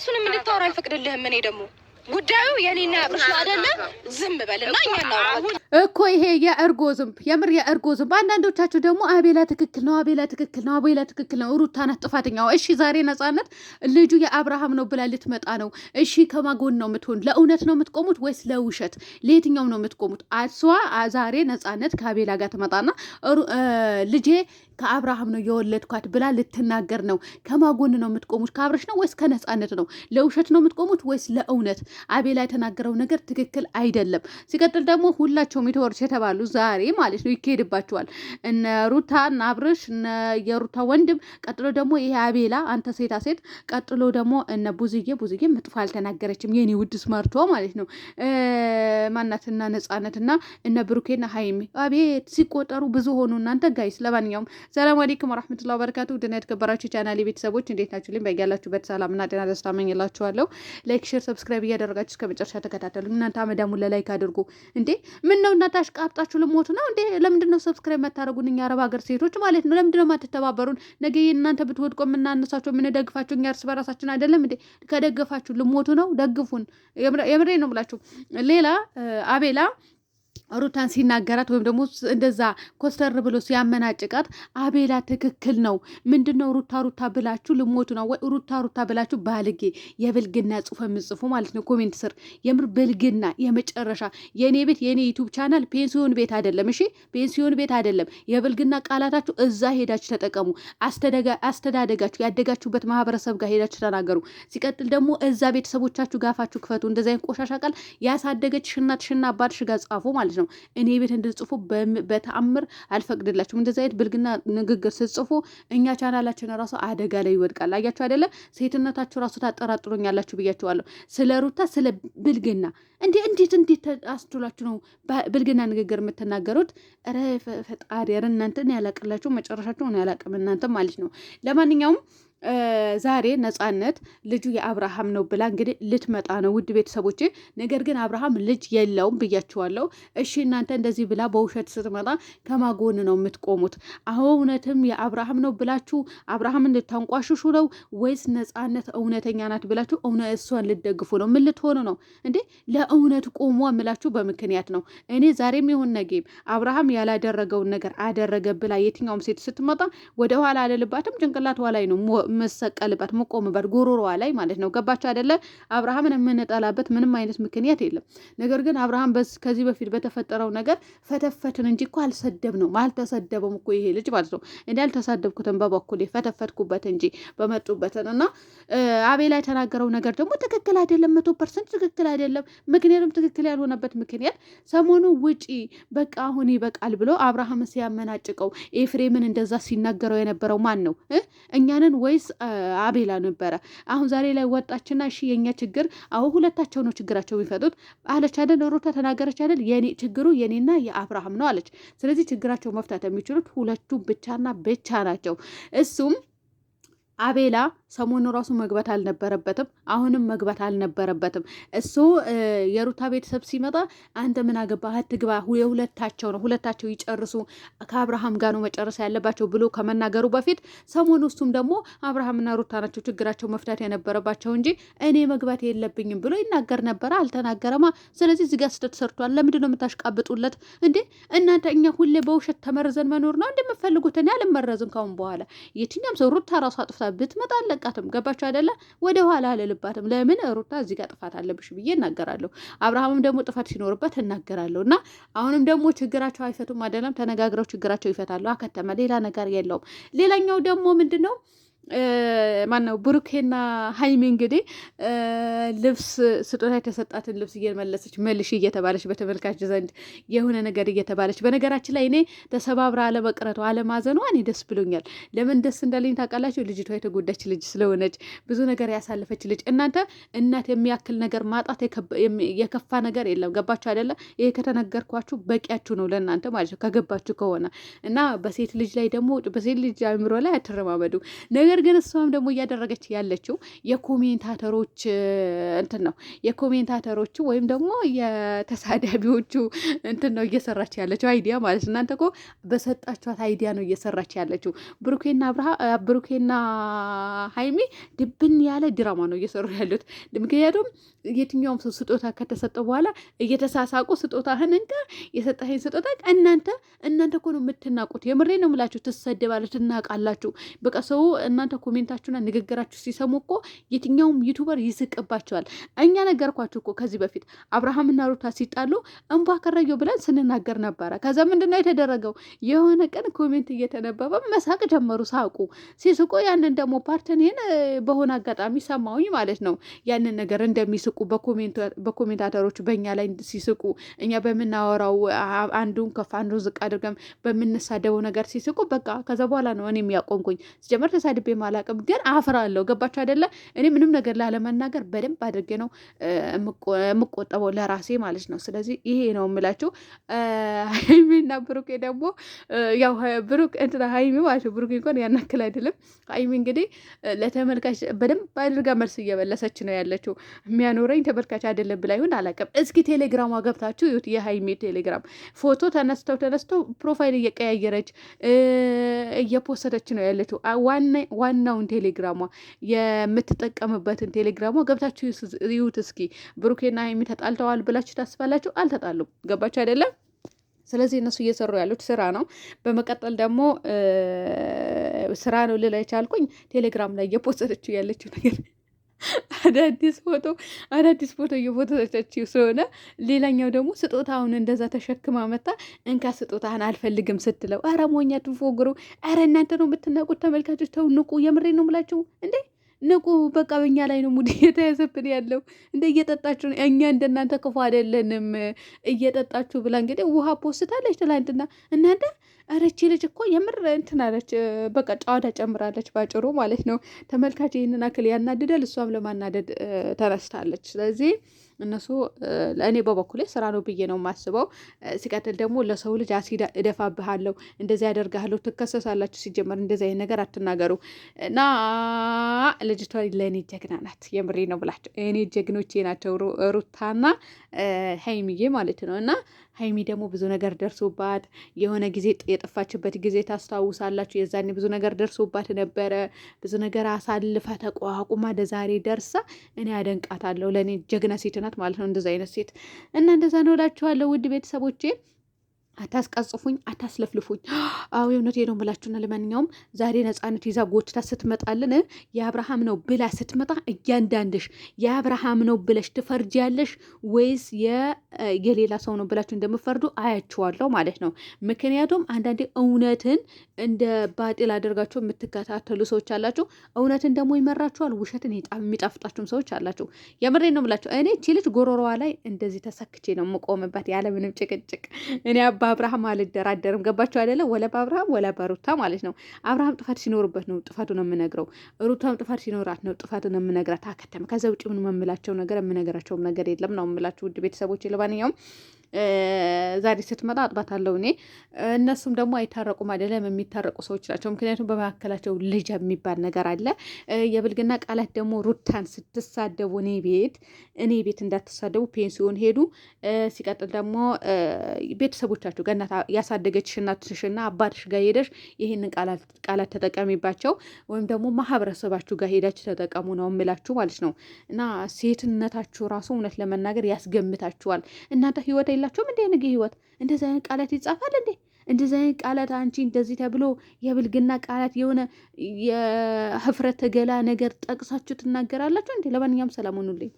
እሱንም እንድታወራ አይፈቅድልህም። እኔ ደግሞ ጉዳዩ የኔና ያቅሽ አደለ። ዝም በልና እኛ እኮ ይሄ የእርጎ ዝንብ የምር የእርጎ ዝንብ። አንዳንዶቻችሁ ደግሞ አቤላ ትክክል ነው፣ አቤላ ትክክል ነው፣ አቤላ ትክክል ነው፣ ሩታ ናት ጥፋተኛው። እሺ ዛሬ ነጻነት ልጁ የአብርሃም ነው ብላ ልትመጣ ነው። እሺ ከማጎን ነው የምትሆን? ለእውነት ነው የምትቆሙት ወይስ ለውሸት? ለየትኛውም ነው የምትቆሙት? አስዋ ዛሬ ነጻነት ከአቤላ ጋር ትመጣና ልጄ ከአብርሃም ነው የወለድኳት ብላ ልትናገር ነው። ከማጎን ነው የምትቆሙት? ከአብረሽ ነው ወይስ ከነፃነት ነው? ለውሸት ነው የምትቆሙት ወይስ ለእውነት? አቤላ የተናገረው ነገር ትክክል አይደለም። ሲቀጥል ደግሞ ሁላቸውም የተወርች የተባሉ ዛሬ ማለት ነው ይካሄድባቸዋል። እነ ሩታ እነ አብረሽ እነ የሩታ ወንድም፣ ቀጥሎ ደግሞ ይሄ አቤላ አንተ ሴታ ሴት፣ ቀጥሎ ደግሞ እነ ቡዝዬ ቡዝዬ መጥፎ አልተናገረችም የኔ ውድ ስማርቷ ማለት ነው ማናትና ነፃነትና እነ ብሩኬና ሀይሜ አቤት ሲቆጠሩ ብዙ ሆኑ እናንተ ጋይስ። ለማንኛውም ሰላም አለይኩም ወራህመቱላሂ ወበረካቱ ድና የተከበራችሁ ቻናሌ ቤተሰቦች እንዴት ናችሁ? ልኝ በያላችሁበት እና ጤና ደስታ መኝላችኋለሁ። ላይክ፣ ሼር፣ ሰብስክራይብ እያደረጋችሁ እስከ መጨረሻ ተከታተሉ። እናንተ አመዳሙ ለላይክ አድርጉ እንዴ! ምን ነው እናንተ አሽቃብጣችሁ ልሞቱ ነው እንዴ? ለምንድን ነው ሰብስክራይብ መታረጉን? እኛ አረብ ሀገር ሴቶች ማለት ነው ለምንድን ነው ማትተባበሩን? ነገ እናንተ ብትወድቆ የምናነሳቸው የምንደግፋቸው እኛ እርስ በራሳችን አይደለም እንዴ? ከደገፋችሁ ልሞቱ ነው ደግፉን። የምሬ ነው ብላችሁ ሌላ አቤላ ሩታን ሲናገራት ወይም ደግሞ እንደዛ ኮስተር ብሎ ሲያመናጭቃት አቤላ ትክክል ነው። ምንድነው ሩታ ሩታ ብላችሁ ልሞቱ ነው ወይ? ሩታ ሩታ ብላችሁ ባልጌ የብልግና ጽሁፍ የምጽፉ ማለት ነው። ኮሜንት ስር የምር ብልግና የመጨረሻ። የእኔ ቤት የእኔ ዩቱብ ቻናል ፔንሲዮን ቤት አይደለም። እሺ ፔንሲዮን ቤት አይደለም። የብልግና ቃላታችሁ እዛ ሄዳችሁ ተጠቀሙ። አስተዳደጋችሁ ያደጋችሁበት ማህበረሰብ ጋር ሄዳችሁ ተናገሩ። ሲቀጥል ደግሞ እዛ ቤተሰቦቻችሁ ጋፋችሁ ክፈቱ። እንደዚ ቆሻሻ ቃል ያሳደገች ሽናትሽና አባትሽ ጋር ጻፉ ማለት ነው። ነው። እኔ ቤት እንድጽፉ በተአምር አልፈቅድላችሁም። እንደዚህ አይነት ብልግና ንግግር ስትጽፉ እኛ ቻናላችን ራሱ አደጋ ላይ ይወድቃል። አያችሁ አይደለ? ሴትነታችሁ ራሱ ታጠራጥሩኛላችሁ ብያችኋለሁ። ስለ ሩታ ስለ ብልግና እንዴ! እንዴት እንዴት አስችሏችሁ ነው ብልግና ንግግር የምትናገሩት? ረ ፈጣሪ ረ እናንተን ያላቅላችሁ መጨረሻችሁ ያላቅም እናንተ ማለት ነው። ለማንኛውም ዛሬ ነፃነት ልጁ የአብርሃም ነው ብላ እንግዲህ ልትመጣ ነው ውድ ቤተሰቦች። ነገር ግን አብርሃም ልጅ የለውም ብያችኋለሁ። እሺ እናንተ እንደዚህ ብላ በውሸት ስትመጣ ከማጎን ነው የምትቆሙት? እውነትም የአብርሃም ነው ብላችሁ አብርሃምን ልታንቋሽሹ ነው ወይስ ነፃነት እውነተኛ ናት ብላችሁ እውነት እሷን ልደግፉ ነው? ምን ልትሆኑ ነው እንዴ? ለእውነት ቆሙ ምላችሁ በምክንያት ነው። እኔ ዛሬም ይሁን ነገም አብርሃም ያላደረገውን ነገር አደረገ ብላ የትኛውም ሴት ስትመጣ ወደኋላ አልልባትም፣ ጭንቅላት ላይ ነው መሰቀልበት መቆምበት ጉሮሮዋ ላይ ማለት ነው። ገባቸው አይደለ? አብርሃምን የምንጠላበት ምንም አይነት ምክንያት የለም። ነገር ግን አብርሃም ከዚህ በፊት በተፈጠረው ነገር ፈተፈትን እንጂ እኮ አልሰደብ ነው አልተሰደበም እኮ ይሄ ልጅ ማለት ነው። እኔ አልተሳደብኩትም በበኩሌ ፈተፈትኩበት እንጂ በመጡበትን እና አቤላ የተናገረው ነገር ደግሞ ትክክል አይደለም። መቶ ፐርሰንት ትክክል አይደለም። ምክንያቱም ትክክል ያልሆነበት ምክንያት ሰሞኑ ውጪ በቃ አሁን ይበቃል ብሎ አብርሃም ሲያመናጭቀው ኤፍሬምን እንደዛ ሲናገረው የነበረው ማን ነው? እኛንን ወይ ወይስ አቤላ ነበረ? አሁን ዛሬ ላይ ወጣችና እሺ የኛ ችግር አሁን ሁለታቸው ነው ችግራቸው የሚፈጡት አለች አይደል? ሩታ ተናገረች አይደል? የኔ ችግሩ የኔና የአብርሃም ነው አለች። ስለዚህ ችግራቸው መፍታት የሚችሉት ሁለቱ ብቻና ብቻ ናቸው እሱም አቤላ ሰሞኑ ራሱ መግባት አልነበረበትም። አሁንም መግባት አልነበረበትም። እሱ የሩታ ቤተሰብ ሲመጣ አንተ ምን አገባህ አትግባ፣ የሁለታቸው ነው፣ ሁለታቸው ይጨርሱ፣ ከአብርሃም ጋር ነው መጨረስ ያለባቸው ብሎ ከመናገሩ በፊት ሰሞኑ እሱም ደግሞ አብርሃምና ሩታ ናቸው ችግራቸው መፍታት የነበረባቸው እንጂ እኔ መግባት የለብኝም ብሎ ይናገር ነበረ። አልተናገረማ። ስለዚህ እዚህ ጋር ስህተት ሰርቷል። ለምንድን ነው የምታሽቃብጡለት እንዴ እናንተ? እኛ ሁሌ በውሸት ተመርዘን መኖር ነው እንደምፈልጉት። እኔ አልመረዝም ካሁን በኋላ የትኛም ሰው ሩታ ራሱ አጥፍታ ብትመጣ አለቃትም። ገባችሁ አይደለ? ወደ ኋላ አልልባትም። ለምን ሩታ እዚህ ጋር ጥፋት አለብሽ ብዬ እናገራለሁ። አብርሃምም ደግሞ ጥፋት ሲኖርበት እናገራለሁ። እና አሁንም ደግሞ ችግራቸው አይፈቱም አይደለም፣ ተነጋግረው ችግራቸው ይፈታሉ። አከተመ። ሌላ ነገር የለውም። ሌላኛው ደግሞ ምንድን ነው ማነው ብሩኬና ሀይሚ እንግዲህ ልብስ ስጦታ የተሰጣትን ልብስ እየመለሰች መልሽ እየተባለች በተመልካች ዘንድ የሆነ ነገር እየተባለች። በነገራችን ላይ እኔ ተሰባብራ አለመቅረቷ አለማዘኗ እኔ ደስ ብሎኛል። ለምን ደስ እንዳለኝ ታውቃላችሁ? ልጅቷ የተጎዳች ልጅ ስለሆነች ብዙ ነገር ያሳለፈች ልጅ። እናንተ እናት የሚያክል ነገር ማጣት የከፋ ነገር የለም። ገባችሁ አይደለም? ይሄ ከተነገርኳችሁ በቂያችሁ ነው ለእናንተ ማለት ነው፣ ከገባችሁ ከሆነ እና በሴት ልጅ ላይ ደግሞ በሴት ልጅ አእምሮ ላይ አትረማመዱ ነገር ነገር ግን እሷም ደግሞ እያደረገች ያለችው የኮሜንታተሮች እንትን ነው የኮሜንታተሮቹ ወይም ደግሞ የተሳዳቢዎቹ እንትን ነው እየሰራች ያለችው አይዲያ ማለት እናንተ እኮ በሰጣችኋት አይዲያ ነው እየሰራች ያለችው። ብሩኬና ብርሃ ብሩኬና ሀይሚ ድብን ያለ ድራማ ነው እየሰሩ ያሉት። ምክንያቱም የትኛውም ሰው ስጦታ ከተሰጠ በኋላ እየተሳሳቁ ስጦታህን እንደ የሰጠኸኝ ስጦታ እናንተ እናንተ እኮ ነው የምትናቁት። የምሬ ነው የምላችሁ። ትሰደባለች፣ ትናቃላችሁ። በቃ ሰው እናንተ እናንተ ኮሜንታችሁና ንግግራችሁ ሲሰሙ እኮ የትኛውም ዩቱበር ይስቅባቸዋል። እኛ ነገርኳችሁ እኮ ከዚህ በፊት አብርሃምና ሩታ ሲጣሉ እንባ ከረየው ብለን ስንናገር ነበረ። ከዛ ምንድን ነው የተደረገው? የሆነ ቀን ኮሜንት እየተነበበ መሳቅ ጀመሩ። ሳቁ ሲስቁ፣ ያንን ደግሞ ፓርትን ይህን በሆነ አጋጣሚ ሰማውኝ ማለት ነው። ያንን ነገር እንደሚስቁ በኮሜንታተሮች በእኛ ላይ ሲስቁ፣ እኛ በምናወራው አንዱን ከፍ አንዱን ዝቅ አድርገን በምንሳደበው ነገር ሲስቁ፣ በቃ ከዛ በኋላ ነው እኔ የሚያቆምኩኝ ሲጀመር ተሳድቤ አስቤም አላቅም፣ ግን አፍራለሁ። ገባችሁ አይደለ? እኔ ምንም ነገር ላለመናገር በደንብ አድርጌ ነው የምቆጠበው ለራሴ ማለት ነው። ስለዚህ ይሄ ነው የምላችሁ። ሀይሚና ብሩኬ ደግሞ ያው ብሩክ እንትና ሀይሚ ማለት ነው። ብሩክ እንኳን ያናክል አይደለም። ሀይሚ እንግዲህ ለተመልካች በደንብ አድርጋ መልስ እየመለሰች ነው ያለችው። የሚያኖረኝ ተመልካች አይደለም ብላ ይሁን አላቅም። እስኪ ቴሌግራሟ ገብታችሁ ይሁት የሀይሚ ቴሌግራም ፎቶ ተነስተው ተነስተው ፕሮፋይል እየቀያየረች እየፖሰተች ነው ያለችው። ዋናውን ቴሌግራሟ የምትጠቀምበትን ቴሌግራሟ ገብታችሁ ይዩት እስኪ። ብሩኬና ሀይሚ ተጣልተዋል ብላችሁ ታስባላችሁ? አልተጣሉም። ገባችሁ አይደለም? ስለዚህ እነሱ እየሰሩ ያሉት ስራ ነው። በመቀጠል ደግሞ ስራ ነው ልላ የቻልኩኝ ቴሌግራም ላይ እየፖሰደችው ያለችው ነገር አዳዲስ ፎቶ አዳዲስ ፎቶ እየፎቶቻችው ስለሆነ፣ ሌላኛው ደግሞ ስጦታውን እንደዛ ተሸክማ መታ እንካ ስጦታህን አልፈልግም ስትለው፣ አረ ሞኛ ትፎግሩ። አረ እናንተ ነው የምትናቁት ተመልካቾች፣ ተው ንቁ። የምሬ ነው ምላችሁ እንዴ ንቁ በቃ በኛ ላይ ነው ሙድ እየተያዘብን ያለው። እንደ እየጠጣችሁ እኛ እንደናንተ ክፉ አይደለንም። እየጠጣችሁ ብላ እንግዲህ ውሃ ፖስታለች ትላንትና እናንተ አረቺ ልጅ እኮ የምር እንትን አለች፣ በቃ ጨዋታ ጨምራለች ባጭሩ ማለት ነው። ተመልካች ይህንን አክል ያናድዳል፣ እሷም ለማናደድ ተነስታለች። ስለዚህ እነሱ እኔ በበኩሌ ስራ ነው ብዬ ነው የማስበው። ሲቀጥል ደግሞ ለሰው ልጅ አሲድ እደፋብሃለሁ፣ እንደዚ ያደርግሃለሁ፣ ትከሰሳላችሁ። ሲጀመር እንደዚ አይነት ነገር አትናገሩ እና ልጅቷ ለእኔ ጀግና ናት። የምሬ ነው ብላቸው እኔ ጀግኖቼ ናቸው ሩታና ሀይሚዬ ማለት ነው እና ሀይሚ ደግሞ ብዙ ነገር ደርሶባት የሆነ ጊዜ የጠፋችበት ጊዜ ታስታውሳላችሁ። የዛኔ ብዙ ነገር ደርሶባት ነበረ። ብዙ ነገር አሳልፋ ተቋቁማ ለዛሬ ደርሳ እኔ አደንቃታለሁ። ለእኔ ጀግና ሴት ናት ማለት ነው። እንደዚ አይነት ሴት እና እንደዛ ነው እላችኋለሁ ውድ ቤተሰቦቼ። አታስቀጽፉኝ፣ አታስለፍልፉኝ። አዎ የእውነት ነው ብላችሁና፣ ለማንኛውም ዛሬ ነፃነት ይዛ ጎትታ ስትመጣልን የአብርሃም ነው ብላ ስትመጣ እያንዳንድሽ የአብርሃም ነው ብለሽ ያለሽ ወይስ የሌላ ሰው ነው ብላችሁ እንደምፈርዱ አያችኋለሁ ማለት ነው። ምክንያቱም አንዳንዴ እውነትን እንደ ባጤል አድርጋቸው የምትከታተሉ ሰዎች አላችሁ። እውነትን ደግሞ ይመራችኋል፣ ውሸትን የሚጣፍጣችሁም ሰዎች አላችሁ። የምሬ ነው ብላችሁ እኔ ቺ ልጅ ጎሮሮዋ ላይ እንደዚህ ተሰክቼ ነው የምቆምበት ያለምንም ጭቅጭቅ እኔ አባ በአብርሃም አልደራደርም። ገባቸው አይደለ? ወለ በአብርሃም ወለ በሩታ ማለት ነው። አብርሃም ጥፋት ሲኖርበት ነው ጥፋቱ ነው የምነግረው። ሩታም ጥፋት ሲኖራት ነው ጥፋቱ ነው የምነግራት። አከተም ከዛ ውጭ ምን መምላቸው ነገር የምነግራቸውም ነገር የለም ነው የምላቸው ውድ ቤተሰቦች። ለማንኛውም ዛሬ ስትመጣ አጥባታለሁ እኔ። እነሱም ደግሞ አይታረቁም አይደለም፣ የሚታረቁ ሰዎች ናቸው። ምክንያቱም በመካከላቸው ልጅ የሚባል ነገር አለ። የብልግና ቃላት ደግሞ ሩታን ስትሳደቡ እኔ ቤት እኔ ቤት እንዳትሳደቡ ፔንሲዮን ሄዱ። ሲቀጥል ደግሞ ቤተሰቦቻቸው ገና ያሳደገችሽ እናትሽና አባትሽ ጋር ሄደሽ ይህንን ቃላት ተጠቀሚባቸው፣ ወይም ደግሞ ማህበረሰባችሁ ጋር ሄዳችሁ ተጠቀሙ ነው የምላችሁ ማለት ነው። እና ሴትነታችሁ ራሱ እውነት ለመናገር ያስገምታችኋል እናንተ ህይወት የላችሁም እንዴ? ንግ ህይወት እንደዚህ አይነት ቃላት ይጻፋል እንዴ? እንደዚህ አይነት ቃላት አንቺ እንደዚህ ተብሎ የብልግና ቃላት የሆነ የህፍረት ገላ ነገር ጠቅሳችሁ ትናገራላችሁ እንዴ? ለማንኛውም ሰላም ሁኑልኝ።